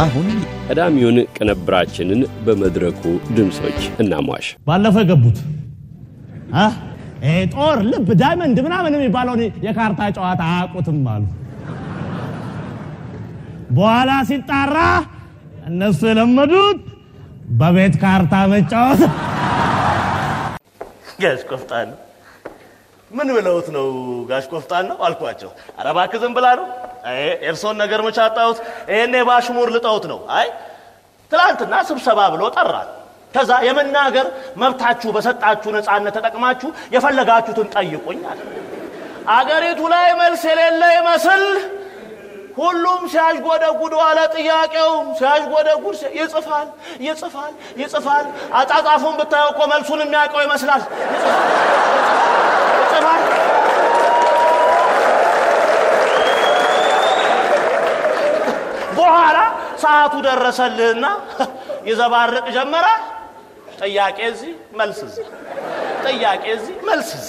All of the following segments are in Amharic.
አሁን ቀዳሚውን ቅንብራችንን በመድረኩ ድምፆች እናሟሽ። ባለፈው የገቡት ጦር፣ ልብ፣ ዳይመንድ ምናምን የሚባለውን የካርታ ጨዋታ አያውቁትም አሉ። በኋላ ሲጣራ እነሱ የለመዱት በቤት ካርታ መጫወት። ጋሽ ቆፍጣን ምን ብለውት ነው? ጋሽ ቆፍጣን ነው አልኳቸው። ኧረ እባክህ ዝም ብላ ነው ኤርሶን ነገር መች አጣሁት? ባሽሙር ልጠውት ነው። አይ ትላንትና ስብሰባ ብሎ ጠራል። ከዛ የመናገር መብታችሁ በሰጣችሁ ነፃነት ተጠቅማችሁ የፈለጋችሁትን ጠይቁኝ አለ። አገሪቱ ላይ መልስ የሌለ ይመስል ሁሉም ሲያዥጎደጉድ ዋለ። ጥያቄውም ሲያዥጎደጉድ ይጽፋል ይጽፋል ይጽፋል። አጻጻፉን ብታየው እኮ መልሱን የሚያውቀው ይመስላል። ይጽፋል በኋላ ሰዓቱ ደረሰልህና ይዘባርቅ ጀመረ። ጥያቄ እዚህ መልስ እዛ፣ ጥያቄ እዚህ መልስ እዛ።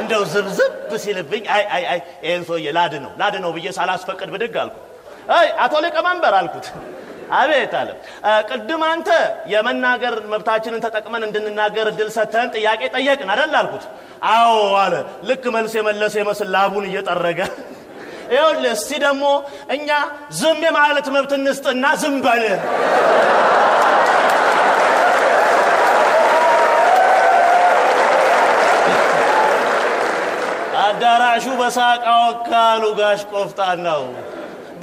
እንደው ዝብዝብ ሲልብኝ አይ አይ አይ ይህን ሰውዬ ላድ ነው ላድ ነው ብዬ ሳላስፈቅድ ብድግ አልኩ። አይ አቶ ሊቀመንበር አልኩት። አቤት አለ። ቅድም አንተ የመናገር መብታችንን ተጠቅመን እንድንናገር እድል ሰተን ጥያቄ ጠየቅን አደል አልኩት። አዎ አለ። ልክ መልስ የመለሰ ይመስል ላቡን እየጠረገ ይኸውልህ እስቲ ደግሞ እኛ ዝም የማለት መብት እንስጥና ዝም በል አዳራሹ በሳቃ ወካሉ ጋሽ ቆፍጣ ነው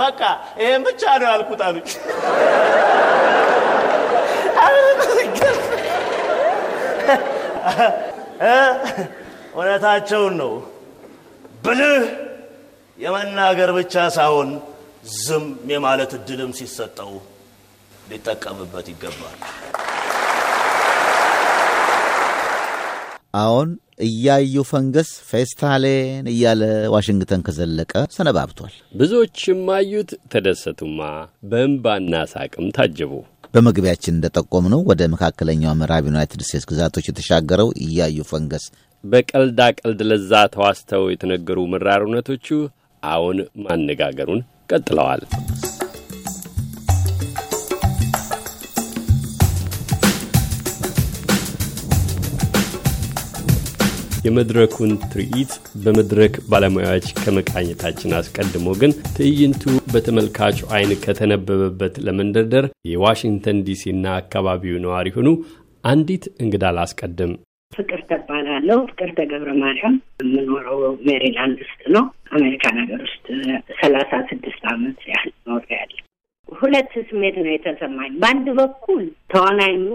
በቃ ይሄን ብቻ ነው ያልኩት እውነታቸውን ነው ብልህ የመናገር ብቻ ሳይሆን ዝም የማለት እድልም ሲሰጠው ሊጠቀምበት ይገባል። አሁን እያዩ ፈንገስ ፌስታሌን እያለ ዋሽንግተን ከዘለቀ ሰነባብቷል። ብዙዎችም አዩት፣ ተደሰቱማ፣ በእንባና ሳቅም ታጀቡ። በመግቢያችን ነው ወደ መካከለኛው ምዕራብ ዩናይትድ ስቴትስ ግዛቶች የተሻገረው እያዩ ፈንገስ በቀልዳ ቀልድ ለዛ ተዋስተው የተነገሩ መራር እውነቶቹ አዎን ማነጋገሩን ቀጥለዋል። የመድረኩን ትርኢት በመድረክ ባለሙያዎች ከመቃኘታችን አስቀድሞ ግን ትዕይንቱ በተመልካቹ ዓይን ከተነበበበት ለመንደርደር የዋሽንግተን ዲሲና አካባቢው ነዋሪ ሆኑ አንዲት እንግዳ ላስቀድም። ፍቅር ተባላለው ፍቅር ተገብረ ማርያም የምኖረው ሜሪላንድ ውስጥ ነው። አሜሪካን ሀገር ውስጥ ሰላሳ ስድስት አመት ያህል ያለ ሁለት ስሜት ነው የተሰማኝ። በአንድ በኩል ተዋናኙ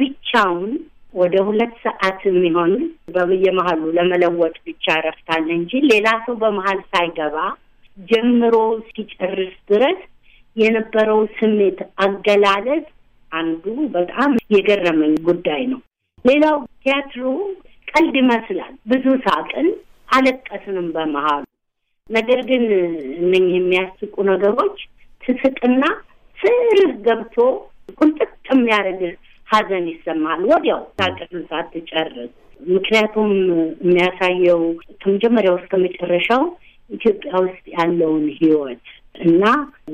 ብቻውን ወደ ሁለት ሰዓት የሚሆን በየመሀሉ ለመለወጥ ብቻ እረፍታል እንጂ ሌላ ሰው በመሀል ሳይገባ ጀምሮ ሲጨርስ ድረስ የነበረው ስሜት አገላለጽ አንዱ በጣም የገረመኝ ጉዳይ ነው። ሌላው ቲያትሩ ቀልድ ይመስላል። ብዙ ሳቅን፣ አለቀስንም በመሀሉ። ነገር ግን እነኝህ የሚያስቁ ነገሮች ትስቅና ስርህ ገብቶ ቁንጥጥ የሚያደርግህ ሀዘን ይሰማል ወዲያው ሳቅን ሳትጨርስ። ምክንያቱም የሚያሳየው ከመጀመሪያው እስከ መጨረሻው ኢትዮጵያ ውስጥ ያለውን ህይወት እና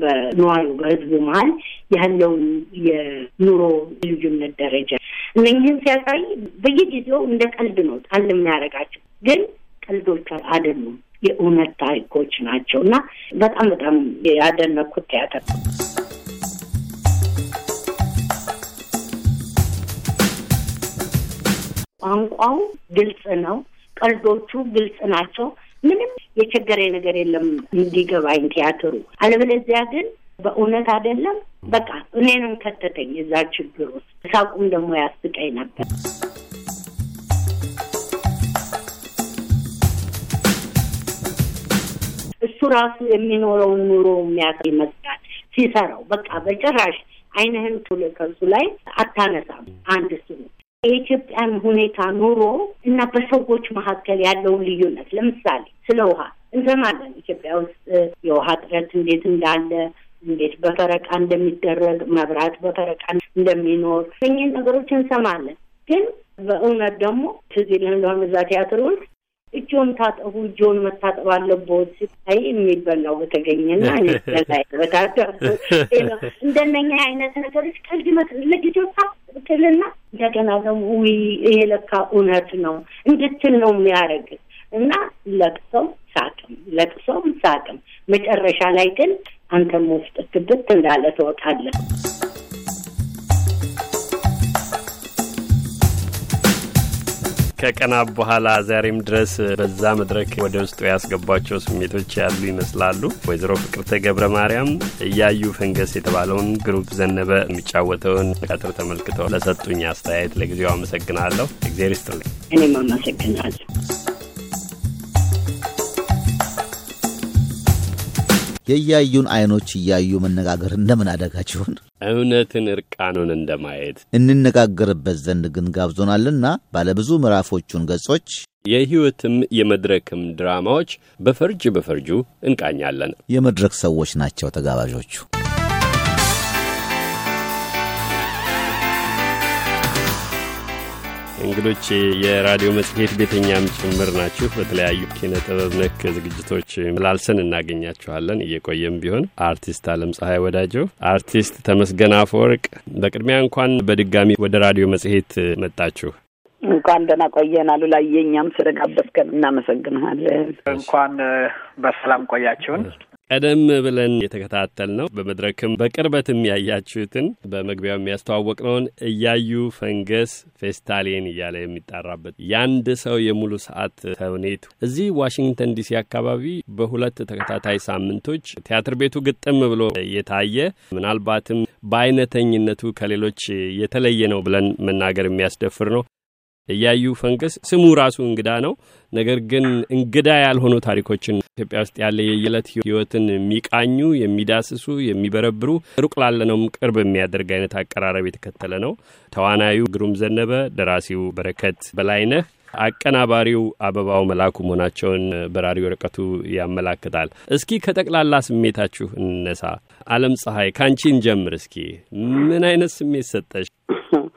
በነዋሪ በህዝቡ መሀል ያለውን የኑሮ ልዩነት ደረጃ እነህን ሲያሳይ በየጊዜው እንደ ቀልድ ነው ጣል የሚያደርጋቸው ግን ቀልዶች አይደሉም፣ የእውነት ታሪኮች ናቸው እና በጣም በጣም ያደነኩት ቲያትር ቋንቋው ግልጽ ነው። ቀልዶቹ ግልጽ ናቸው። ምንም የቸገረ ነገር የለም እንዲገባኝ ቲያትሩ። አለበለዚያ ግን በእውነት አይደለም። በቃ እኔንም ከተተኝ እዛ ችግር ውስጥ ሳቁም ደግሞ ያስቀኝ ነበር። እሱ ራሱ የሚኖረውን ኑሮ የሚያሳይ ይመስላል ሲሰራው። በቃ በጭራሽ አይንህን ከሱ ላይ አታነሳም። አንድ እሱ የኢትዮጵያን ሁኔታ ኑሮ እና በሰዎች መካከል ያለውን ልዩነት ለምሳሌ ስለ ውሃ እንሰማለን። ኢትዮጵያ ውስጥ የውሃ እጥረት እንዴት እንዳለ፣ እንዴት በፈረቃ እንደሚደረግ፣ መብራት በፈረቃ እንደሚኖር እኚህ ነገሮች እንሰማለን። ግን በእውነት ደግሞ ትዚ ለንለሆን እዛ ቲያትር ውስጥ እጆን ታጠቡ፣ እጆን መታጠብ አለቦት ስታይ የሚበላው በተገኘና በታጠብ እንደነኛ አይነት ነገሮች ቀልድ ለልጆታ ትልና እንደገና ደግሞ ውይ የለካ እውነት ነው እንድትል ነው የሚያደርግ እና ለቅሶም ሳቅም ለቅሶም ሳቅም መጨረሻ ላይ ግን አንተም ውስጥ ክብት እንዳለ ትወጣለህ። ከቀናት በኋላ ዛሬም ድረስ በዛ መድረክ ወደ ውስጡ ያስገቧቸው ስሜቶች ያሉ ይመስላሉ። ወይዘሮ ፍቅርተ ገብረ ማርያም እያዩ ፈንገስ የተባለውን ግሩፕ ዘነበ የሚጫወተውን ቀጥር ተመልክተው ለሰጡኝ አስተያየት ለጊዜው አመሰግናለሁ። እግዜር ይስጥልኝ። እኔም አመሰግናለሁ። የእያዩን አይኖች እያዩ መነጋገር እንደምን አደጋችሁን እውነትን እርቃኑን እንደማየት እንነጋገርበት ዘንድ ግን ጋብዞናልና ባለብዙ ምዕራፎቹን ገጾች የሕይወትም የመድረክም ድራማዎች በፈርጅ በፈርጁ እንቃኛለን። የመድረክ ሰዎች ናቸው ተጋባዦቹ። እንግዶች የራዲዮ መጽሔት ቤተኛም ጭምር ናችሁ። በተለያዩ ኪነ ጥበብ ነክ ዝግጅቶች ላልሰን እናገኛችኋለን እየቆየም ቢሆን። አርቲስት አለም ፀሐይ ወዳጀው፣ አርቲስት ተመስገን አፈወርቅ፣ በቅድሚያ እንኳን በድጋሚ ወደ ራዲዮ መጽሔት መጣችሁ። እንኳን ደህና ቆየን ላይ የእኛም ስለጋበዝከን እናመሰግንሃለን። እንኳን በሰላም ቆያችሁን። ቀደም ብለን የተከታተል ነው በመድረክም በቅርበት የሚያያችሁትን በመግቢያው ነውን እያዩ ፈንገስ ፌስታሌን እያለ የሚጣራበት የአንድ ሰው የሙሉ ሰዓት ተውኔቱ እዚህ ዋሽንግተን ዲሲ አካባቢ በሁለት ተከታታይ ሳምንቶች ቲያትር ቤቱ ግጥም ብሎ የታየ ምናልባትም በአይነተኝነቱ ከሌሎች የተለየ ነው ብለን መናገር የሚያስደፍር ነው። እያዩ ፈንቅስ ስሙ ራሱ እንግዳ ነው። ነገር ግን እንግዳ ያልሆኑ ታሪኮችን ኢትዮጵያ ውስጥ ያለ የየዕለት ህይወትን የሚቃኙ የሚዳስሱ፣ የሚበረብሩ ሩቅ ላለነውም ቅርብ የሚያደርግ አይነት አቀራረብ የተከተለ ነው። ተዋናዩ ግሩም ዘነበ፣ ደራሲው በረከት በላይነህ አቀናባሪው አበባው መላኩ መሆናቸውን በራሪ ወረቀቱ ያመላክታል። እስኪ ከጠቅላላ ስሜታችሁ እንነሳ። አለም ፀሐይ ካንቺን ጀምር እስኪ ምን አይነት ስሜት ሰጠሽ?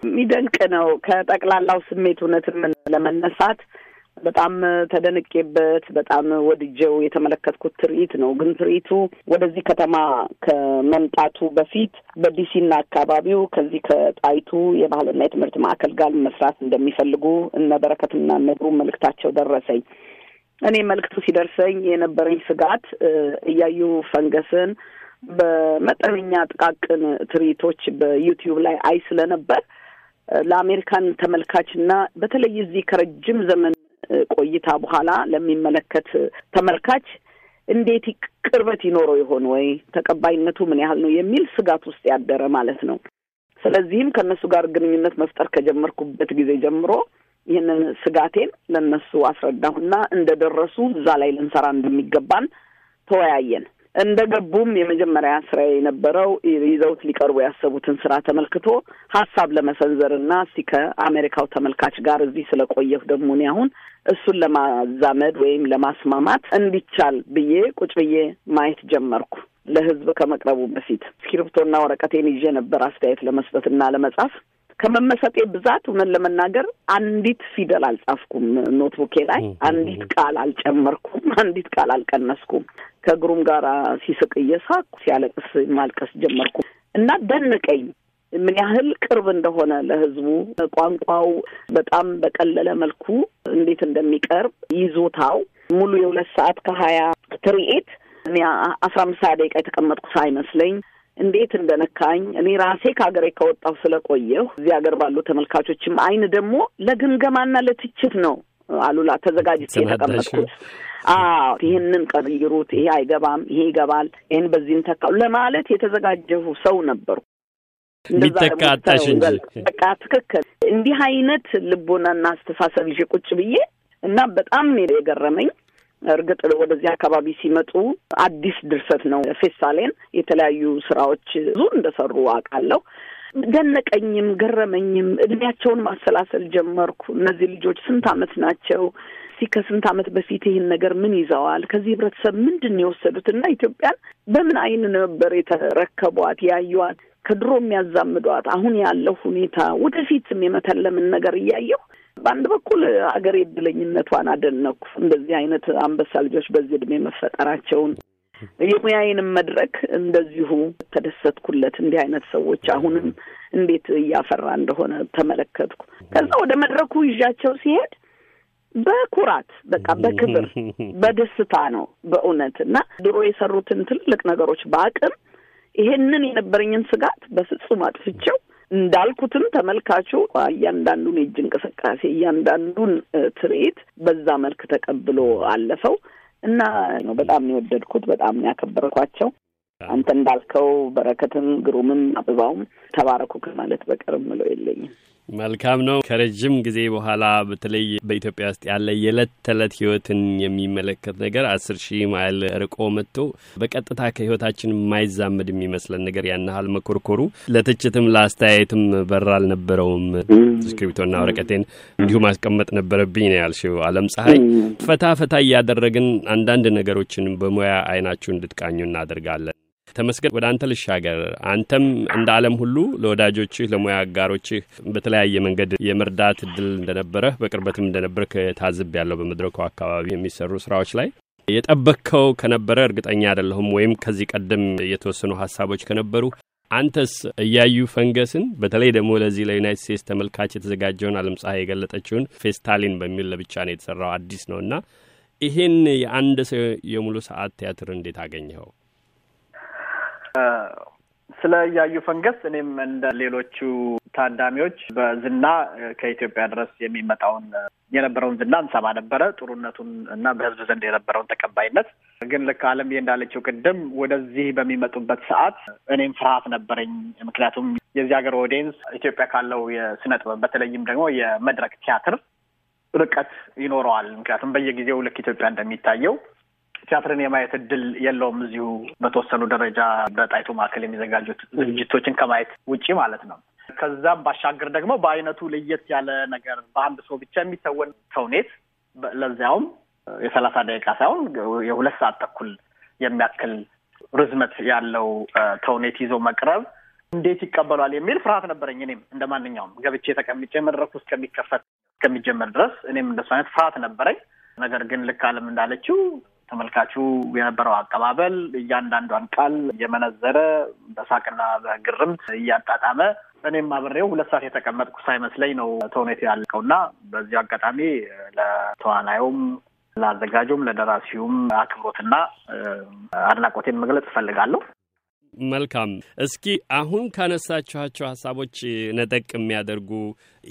የሚደንቅ ነው። ከጠቅላላው ስሜት እውነትም ለመነሳት በጣም ተደንቄበት በጣም ወድጀው የተመለከትኩት ትርኢት ነው። ግን ትርኢቱ ወደዚህ ከተማ ከመምጣቱ በፊት በዲሲና አካባቢው ከዚህ ከጣይቱ የባህልና የትምህርት ማዕከል ጋር መስራት እንደሚፈልጉ እነ በረከትና እነ መልእክታቸው ደረሰኝ። እኔ መልእክቱ ሲደርሰኝ የነበረኝ ስጋት እያዩ ፈንገስን በመጠነኛ ጥቃቅን ትርኢቶች በዩቲዩብ ላይ አይ ስለነበር ለአሜሪካን ተመልካችና በተለይ እዚህ ከረጅም ዘመን ቆይታ በኋላ ለሚመለከት ተመልካች እንዴት ቅርበት ይኖረው ይሆን ወይ ተቀባይነቱ ምን ያህል ነው የሚል ስጋት ውስጥ ያደረ ማለት ነው። ስለዚህም ከእነሱ ጋር ግንኙነት መፍጠር ከጀመርኩበት ጊዜ ጀምሮ ይህንን ስጋቴን ለእነሱ አስረዳሁና እንደደረሱ እዛ ላይ ልንሰራ እንደሚገባን ተወያየን። እንደ ገቡም የመጀመሪያ ስራ የነበረው ይዘውት ሊቀርቡ ያሰቡትን ስራ ተመልክቶ ሀሳብ ለመሰንዘር እና እስቲ ከአሜሪካው ተመልካች ጋር እዚህ ስለቆየሁ ደግሞ እኔ አሁን እሱን ለማዛመድ ወይም ለማስማማት እንዲቻል ብዬ ቁጭ ብዬ ማየት ጀመርኩ። ለህዝብ ከመቅረቡ በፊት እስክሪፕቶና ወረቀቴን ይዤ ነበር አስተያየት ለመስጠትና ለመጻፍ። ከመመሰጤ ብዛት እውነት ለመናገር አንዲት ፊደል አልጻፍኩም። ኖትቡኬ ላይ አንዲት ቃል አልጨመርኩም። አንዲት ቃል አልቀነስኩም። ከግሩም ጋር ሲስቅ እየሳኩ ሲያለቅስ ማልቀስ ጀመርኩ እና ደነቀኝ ምን ያህል ቅርብ እንደሆነ ለህዝቡ ቋንቋው በጣም በቀለለ መልኩ እንዴት እንደሚቀርብ ይዞታው ሙሉ የሁለት ሰዓት ከሀያ ትርኢት እኔ አስራ አምስት ሀያ ደቂቃ የተቀመጥኩ ሳይመስለኝ እንዴት እንደነካኝ እኔ ራሴ ከሀገሬ ከወጣሁ ስለቆየሁ እዚህ ሀገር ባሉ ተመልካቾችም አይን ደግሞ ለግምገማና ለትችት ነው አሉላ ተዘጋጅቼ የተቀመጥኩት። አዎ ይህንን ቀይሩት፣ ይሄ አይገባም፣ ይሄ ይገባል፣ ይህን በዚህን ተካ ለማለት የተዘጋጀሁ ሰው ነበሩ። የሚጠቃጣሽ እንጂ በቃ ትክክል እንዲህ አይነት ልቦናና አስተሳሰብ ይዤ ቁጭ ብዬ እና በጣም የገረመኝ እርግጥ ወደዚህ አካባቢ ሲመጡ አዲስ ድርሰት ነው። ፌሳሌን የተለያዩ ስራዎች ብዙ እንደሰሩ አውቃለሁ። ደነቀኝም ገረመኝም። እድሜያቸውን ማሰላሰል ጀመርኩ። እነዚህ ልጆች ስንት አመት ናቸው? እስቲ ከስንት አመት በፊት ይህን ነገር ምን ይዘዋል? ከዚህ ህብረተሰብ ምንድን የወሰዱት እና ኢትዮጵያን በምን አይን ነበር የተረከቧት ያዩዋት? ከድሮ የሚያዛምዷት አሁን ያለው ሁኔታ ወደፊትም የመተለምን ነገር እያየሁ በአንድ በኩል ሀገር የድለኝነቷን አደነኩ። እንደዚህ አይነት አንበሳ ልጆች በዚህ እድሜ መፈጠራቸውን የሙያዬንም መድረክ እንደዚሁ ተደሰትኩለት። እንዲህ አይነት ሰዎች አሁንም እንዴት እያፈራ እንደሆነ ተመለከትኩ። ከዛ ወደ መድረኩ ይዣቸው ሲሄድ በኩራት በቃ በክብር በደስታ ነው በእውነት እና ድሮ የሰሩትን ትልልቅ ነገሮች በአቅም ይሄንን የነበረኝን ስጋት በፍጹም አጥፍቼው እንዳልኩትም ተመልካቹ እያንዳንዱን የእጅ እንቅስቃሴ እያንዳንዱን ትርኢት በዛ መልክ ተቀብሎ አለፈው እና በጣም የወደድኩት። በጣም ያከበርኳቸው። አንተ እንዳልከው በረከትም ግሩምም አበባውም ተባረኩ ከማለት በቀር ምለው የለኝም። መልካም ነው። ከረጅም ጊዜ በኋላ በተለይ በኢትዮጵያ ውስጥ ያለ የዕለት ተዕለት ህይወትን የሚመለከት ነገር አስር ሺህ ማይል ርቆ መጥቶ በቀጥታ ከህይወታችን የማይዛመድ የሚመስለን ነገር ያናሃል መኮርኮሩ ለትችትም ለአስተያየትም በር አልነበረውም። እስክሪብቶና ወረቀቴን እንዲሁ ማስቀመጥ ነበረብኝ ነው ያልሽው። አለም ፀሐይ ፈታ ፈታ እያደረግን አንዳንድ ነገሮችን በሙያ አይናችሁ እንድትቃኙ እናደርጋለን። ተመስገን ወደ አንተ ልሻገር። አንተም እንደ ዓለም ሁሉ ለወዳጆችህ ለሙያ አጋሮችህ በተለያየ መንገድ የመርዳት እድል እንደነበረህ በቅርበትም እንደነበር ከታዝብ ያለው በመድረኩ አካባቢ የሚሰሩ ስራዎች ላይ የጠበቅከው ከነበረ እርግጠኛ አይደለሁም። ወይም ከዚህ ቀደም የተወሰኑ ሀሳቦች ከነበሩ አንተስ እያዩ ፈንገስን በተለይ ደግሞ ለዚህ ለዩናይት ስቴትስ ተመልካች የተዘጋጀውን አለም ፀሐይ የገለጠችውን ፌስታሊን በሚል ለብቻ ነው የተሰራው አዲስ ነው እና ይህን የአንድ ሰው የሙሉ ሰዓት ቲያትር እንዴት አገኘኸው? ስለ እያዩ ፈንገስ እኔም እንደ ሌሎቹ ታዳሚዎች በዝና ከኢትዮጵያ ድረስ የሚመጣውን የነበረውን ዝና እንሰማ ነበረ፣ ጥሩነቱን እና በህዝብ ዘንድ የነበረውን ተቀባይነት። ግን ልክ አለምዬ እንዳለችው ቅድም ወደዚህ በሚመጡበት ሰዓት እኔም ፍርሃት ነበረኝ። ምክንያቱም የዚህ ሀገር ኦዲየንስ ኢትዮጵያ ካለው የስነ ጥበብ በተለይም ደግሞ የመድረክ ቲያትር ርቀት ይኖረዋል። ምክንያቱም በየጊዜው ልክ ኢትዮጵያ እንደሚታየው ቲያትርን የማየት እድል የለውም እዚሁ በተወሰኑ ደረጃ በጣይቱ ማዕከል የሚዘጋጁት ዝግጅቶችን ከማየት ውጪ ማለት ነው። ከዛም ባሻገር ደግሞ በአይነቱ ለየት ያለ ነገር በአንድ ሰው ብቻ የሚተወን ተውኔት ለዚያውም የሰላሳ ደቂቃ ሳይሆን የሁለት ሰዓት ተኩል የሚያክል ርዝመት ያለው ተውኔት ይዞ መቅረብ እንዴት ይቀበሏል የሚል ፍርሃት ነበረኝ። እኔም እንደ ማንኛውም ገብቼ ተቀምጬ መድረኩ እስከሚከፈት እስከሚጀመር ድረስ እኔም እንደሱ አይነት ፍርሃት ነበረኝ። ነገር ግን ልክ አለም እንዳለችው ተመልካቹ የነበረው አቀባበል እያንዳንዷን ቃል እየመነዘረ በሳቅና በግርምት እያጣጣመ እኔም አብሬው ሁለት ሰዓት የተቀመጥኩ ሳይመስለኝ ነው ተውኔቱ ያለቀው እና በዚሁ አጋጣሚ ለተዋናዩም ለአዘጋጁም ለደራሲውም አክብሮትና አድናቆቴን መግለጽ እፈልጋለሁ። መልካም። እስኪ አሁን ካነሳችኋቸው ሀሳቦች ነጠቅ የሚያደርጉ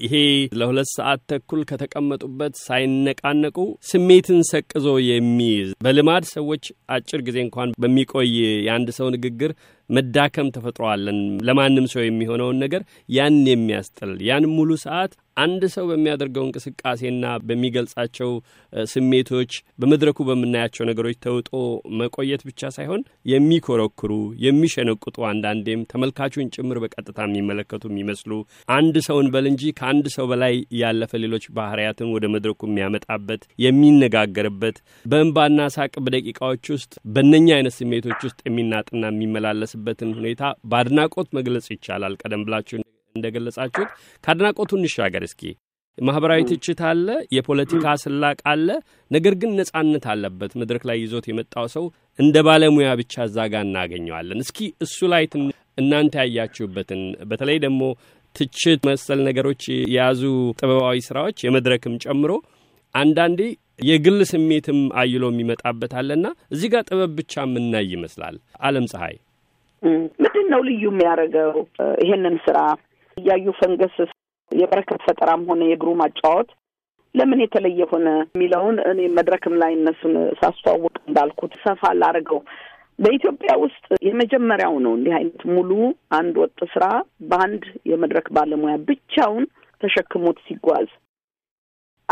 ይሄ ለሁለት ሰዓት ተኩል ከተቀመጡበት ሳይነቃነቁ ስሜትን ሰቅዞ የሚይዝ በልማድ ሰዎች አጭር ጊዜ እንኳን በሚቆይ የአንድ ሰው ንግግር መዳከም ተፈጥሮዋለን ለማንም ሰው የሚሆነውን ነገር ያን የሚያስጥል ያን ሙሉ ሰዓት አንድ ሰው በሚያደርገው እንቅስቃሴና በሚገልጻቸው ስሜቶች በመድረኩ በምናያቸው ነገሮች ተውጦ መቆየት ብቻ ሳይሆን የሚኮረኩሩ የሚሸነቁጡ አንዳንዴም ተመልካቹን ጭምር በቀጥታ የሚመለከቱ የሚመስሉ አንድ ሰውን በል እንጂ ከአንድ ሰው በላይ ያለፈ ሌሎች ባህርያትን ወደ መድረኩ የሚያመጣበት የሚነጋገርበት፣ በእንባና ሳቅ በደቂቃዎች ውስጥ በእነኛ አይነት ስሜቶች ውስጥ የሚናጥና የሚመላለስ የሚደርስበትን ሁኔታ በአድናቆት መግለጽ ይቻላል። ቀደም ብላችሁ እንደገለጻችሁት ከአድናቆቱ እንሻገር እስኪ። ማህበራዊ ትችት አለ፣ የፖለቲካ ስላቅ አለ። ነገር ግን ነጻነት አለበት። መድረክ ላይ ይዞት የመጣው ሰው እንደ ባለሙያ ብቻ እዛ ጋር እናገኘዋለን። እስኪ እሱ ላይ እናንተ ያያችሁበትን በተለይ ደግሞ ትችት መሰል ነገሮች የያዙ ጥበባዊ ስራዎች የመድረክም ጨምሮ አንዳንዴ የግል ስሜትም አይሎ የሚመጣበት አለና እዚህ ጋር ጥበብ ብቻ የምናይ ይመስላል። አለም ፀሐይ ምንድን ነው ልዩ የሚያደርገው? ይሄንን ስራ እያዩ ፈንገስ የበረከት ፈጠራም ሆነ የእግሩ ማጫወት ለምን የተለየ ሆነ የሚለውን እኔ መድረክም ላይ እነሱን ሳስተዋውቅ እንዳልኩት ሰፋ ላደርገው በኢትዮጵያ ውስጥ የመጀመሪያው ነው እንዲህ አይነት ሙሉ አንድ ወጥ ስራ በአንድ የመድረክ ባለሙያ ብቻውን ተሸክሞት ሲጓዝ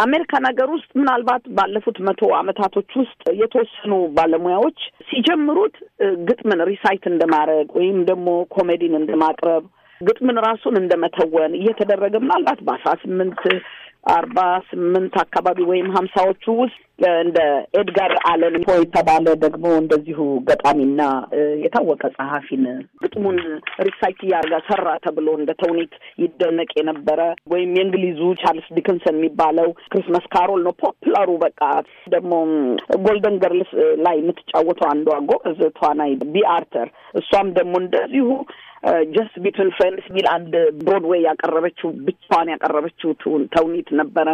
አሜሪካን ሀገር ውስጥ ምናልባት ባለፉት መቶ አመታቶች ውስጥ የተወሰኑ ባለሙያዎች ሲጀምሩት ግጥምን ሪሳይት እንደማድረግ ወይም ደግሞ ኮሜዲን እንደማቅረብ ግጥምን ራሱን እንደመተወን እየተደረገ ምናልባት በአስራ ስምንት አርባ ስምንት አካባቢ ወይም ሀምሳዎቹ ውስጥ እንደ ኤድጋር አለን ፖ የተባለ ደግሞ እንደዚሁ ገጣሚና የታወቀ ጸሐፊን ግጥሙን ሪሳይት እያደረገ ሰራ ተብሎ እንደ ተውኔት ይደነቅ የነበረ ወይም የእንግሊዙ ቻርልስ ዲክንሰን የሚባለው ክሪስመስ ካሮል ነው ፖፕላሩ። በቃ ደግሞ ጎልደን ገርልስ ላይ የምትጫወተው አንዷ ጎበዝ ተዋናይ ቢ አርተር እሷም ደግሞ እንደዚሁ ጀስት ቢትዊን ፍሬንድስ ሚል አንድ ብሮድዌይ ያቀረበችው ብቻዋን ያቀረበችው ተውኒት ነበረ።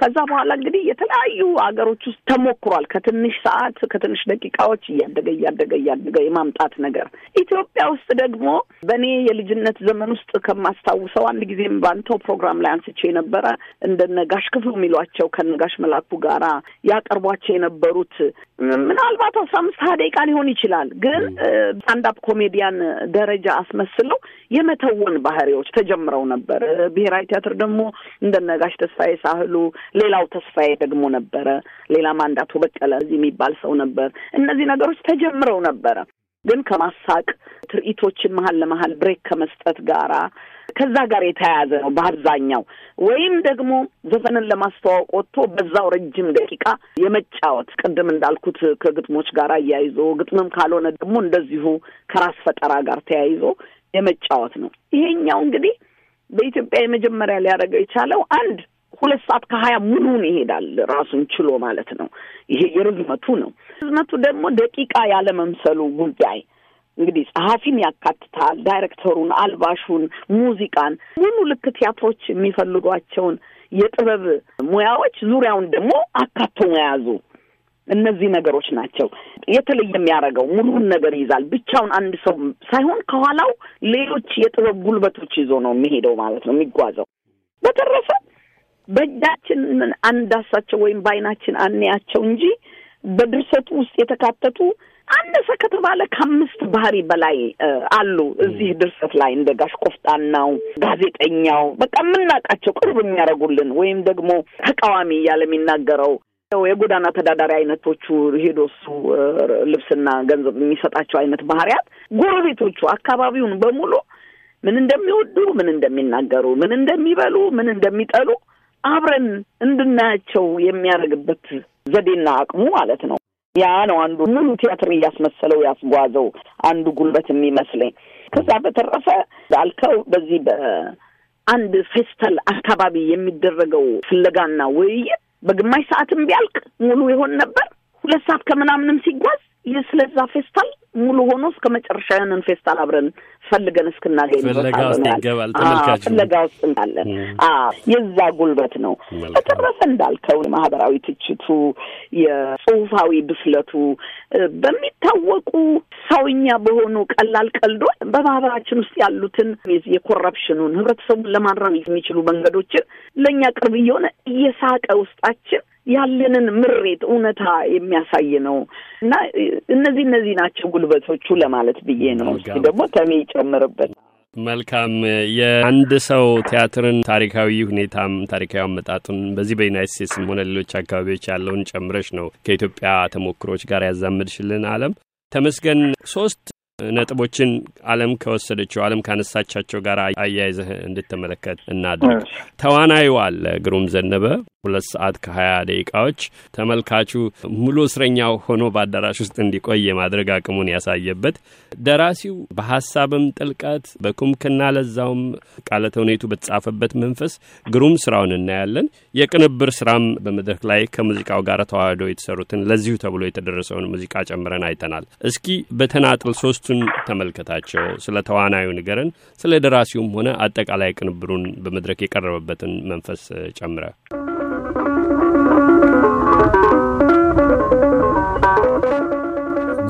ከዛ በኋላ እንግዲህ የተለያዩ ሀገሮች ውስጥ ተሞክሯል። ከትንሽ ሰዓት ከትንሽ ደቂቃዎች እያደገ እያደገ እያደገ የማምጣት ነገር ኢትዮጵያ ውስጥ ደግሞ በእኔ የልጅነት ዘመን ውስጥ ከማስታውሰው አንድ ጊዜም በአንተው ፕሮግራም ላይ አንስቼ የነበረ እንደነጋሽ ክፍሉ የሚሏቸው ከነጋሽ መላኩ ጋራ ያቀርቧቸው የነበሩት ምናልባት አስራ አምስት ሀያ ደቂቃ ሊሆን ይችላል ግን ስታንዳፕ ኮሜዲያን ደረጃ አስመስ ስለው የመተወን ባህሪዎች ተጀምረው ነበር። ብሔራዊ ቲያትር ደግሞ እንደ ነጋሽ ተስፋዬ ሳህሉ፣ ሌላው ተስፋዬ ደግሞ ነበረ። ሌላ ማንዳቱ በቀለ እዚህ የሚባል ሰው ነበር። እነዚህ ነገሮች ተጀምረው ነበረ ግን ከማሳቅ ትርኢቶችን መሀል ለመሀል ብሬክ ከመስጠት ጋራ ከዛ ጋር የተያያዘ ነው በአብዛኛው። ወይም ደግሞ ዘፈንን ለማስተዋወቅ ወጥቶ በዛው ረጅም ደቂቃ የመጫወት ቅድም እንዳልኩት ከግጥሞች ጋር አያይዞ ግጥምም ካልሆነ ደግሞ እንደዚሁ ከራስ ፈጠራ ጋር ተያይዞ የመጫወት ነው። ይሄኛው እንግዲህ በኢትዮጵያ የመጀመሪያ ሊያደርገው የቻለው አንድ ሁለት ሰዓት ከሀያ ሙሉን ይሄዳል ራሱን ችሎ ማለት ነው። ይሄ የርዝመቱ ነው። ርዝመቱ ደግሞ ደቂቃ ያለመምሰሉ ጉዳይ እንግዲህ ጸሐፊን ያካትታል፣ ዳይሬክተሩን፣ አልባሹን፣ ሙዚቃን ሙሉ ልክ ቲያትሮች የሚፈልጓቸውን የጥበብ ሙያዎች ዙሪያውን ደግሞ አካቶ መያዙ እነዚህ ነገሮች ናቸው የተለየ የሚያደርገው። ሙሉን ነገር ይዛል። ብቻውን አንድ ሰው ሳይሆን ከኋላው ሌሎች የጥበብ ጉልበቶች ይዞ ነው የሚሄደው ማለት ነው የሚጓዘው። በተረፈ በእጃችን አንዳሳቸው ወይም በአይናችን አንያቸው እንጂ በድርሰቱ ውስጥ የተካተቱ አነሰ ከተባለ ከአምስት ባህሪ በላይ አሉ እዚህ ድርሰት ላይ እንደ ጋሽ ቆፍጣናው፣ ጋዜጠኛው በቃ የምናውቃቸው ቅርብ የሚያደርጉልን ወይም ደግሞ ተቃዋሚ እያለ የሚናገረው የጎዳና ተዳዳሪ አይነቶቹ ሄዶ እሱ ልብስና ገንዘብ የሚሰጣቸው አይነት ባህሪያት ጎረቤቶቹ አካባቢውን በሙሉ ምን እንደሚወዱ፣ ምን እንደሚናገሩ፣ ምን እንደሚበሉ፣ ምን እንደሚጠሉ አብረን እንድናያቸው የሚያደርግበት ዘዴና አቅሙ ማለት ነው። ያ ነው አንዱ ሙሉ ቲያትር እያስመሰለው ያስጓዘው አንዱ ጉልበት የሚመስለኝ። ከዛ በተረፈ አልከው በዚህ በአንድ ፌስታል አካባቢ የሚደረገው ፍለጋና ውይይት በግማሽ ሰዓትም ቢያልቅ ሙሉ ይሆን ነበር። ሁለት ሰዓት ከምናምንም ሲጓዝ ይህ ስለዛ ፌስታል ሙሉ ሆኖ እስከ መጨረሻ ያንን ፌስታል አብረን ፈልገን እስክናገኝ ፍለጋ ውስጥ ይገባል። ተመልካች ፍለጋ ውስጥ እንዳለን የዛ ጉልበት ነው። በተረፈ እንዳልከው የማህበራዊ ትችቱ፣ የጽሁፋዊ ብስለቱ በሚታወቁ ሰውኛ በሆኑ ቀላል ቀልዶ በማህበራችን ውስጥ ያሉትን የኮረፕሽኑን ህብረተሰቡን ለማድረም የሚችሉ መንገዶችን ለእኛ ቅርብ እየሆነ እየሳቀ ውስጣችን ያለንን ምሬት እውነታ የሚያሳይ ነው እና እነዚህ እነዚህ ናቸው ጉልበቶቹ ለማለት ብዬ ነው። እስኪ ደግሞ ተሜ ይጨምርበት። መልካም የአንድ ሰው ቲያትርን ታሪካዊ ሁኔታም ታሪካዊ አመጣጡን በዚህ በዩናይት ስቴትስም ሆነ ሌሎች አካባቢዎች ያለውን ጨምረሽ ነው ከኢትዮጵያ ተሞክሮች ጋር ያዛምድሽልን። አለም ተመስገን ሶስት ነጥቦችን ዓለም ከወሰደችው ዓለም ካነሳቻቸው ጋር አያይዘህ እንድትመለከት እናድርግ። ተዋናዩ አለ ግሩም ዘነበ ሁለት ሰዓት ከሀያ ደቂቃዎች ተመልካቹ ሙሉ እስረኛ ሆኖ በአዳራሽ ውስጥ እንዲቆይ የማድረግ አቅሙን ያሳየበት፣ ደራሲው በሀሳብም ጥልቀት በኩምክና ለዛውም ቃለ ተውኔቱ በተጻፈበት መንፈስ ግሩም ስራውን እናያለን። የቅንብር ስራም በመድረክ ላይ ከሙዚቃው ጋር ተዋህዶ የተሰሩትን ለዚሁ ተብሎ የተደረሰውን ሙዚቃ ጨምረን አይተናል። እስኪ በተናጥል ሶስቱ እነሱን ተመልከታቸው። ስለ ተዋናዩ ንገረን፣ ስለ ደራሲውም ሆነ አጠቃላይ ቅንብሩን በመድረክ የቀረበበትን መንፈስ ጨምረ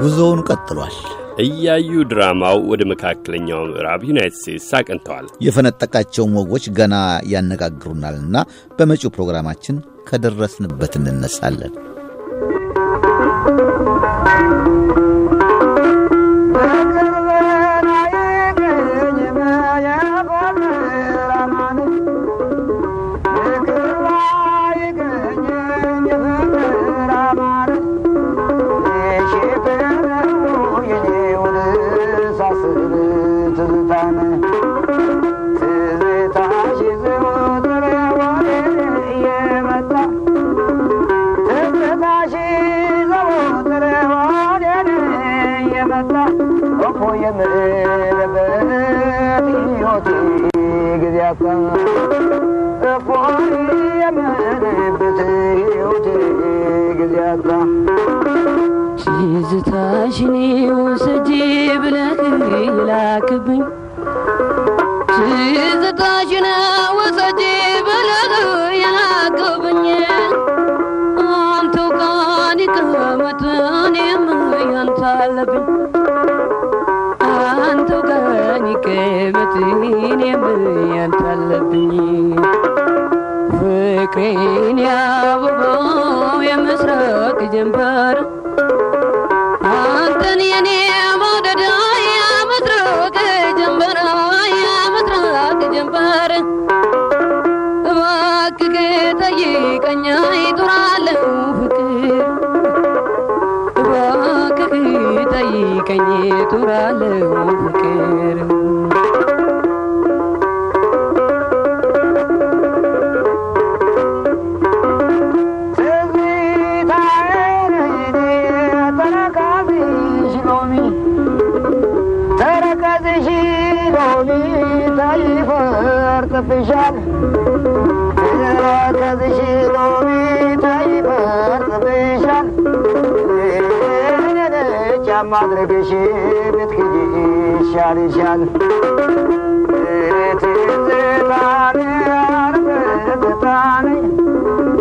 ጉዞውን ቀጥሏል። እያዩ ድራማው ወደ መካከለኛው ምዕራብ ዩናይት ስቴትስ አቅንተዋል። የፈነጠቃቸውን ወጎች ገና ያነጋግሩናልና በመጪው ፕሮግራማችን ከደረስንበት እንነሳለን። ተነሳ ኦፎ የምርበት ሕይወቴ ጊዜ አሳ ኦፎ የምርበት ሕይወቴ ጊዜ አሳ ትዝታሽን ውሰጂ ብለህ ላክብኝ ትዝታሽን ውሰጂ ብለህ ያላክብኝ አንተው ጋር ይቀመጥ እኔም ያንተ አለብኝ ያንተ አለብኝ ፍቅሬን ያበበው የምስራቅ ጀንበር በጥሽ ሎሚታ ይፈርጥብሻል ከጥሽ ሎሚታ ይፈርጥብሻል ጫማ አድርገሽ ብትክድ ይሻልሻል ትዝታን አርፍታን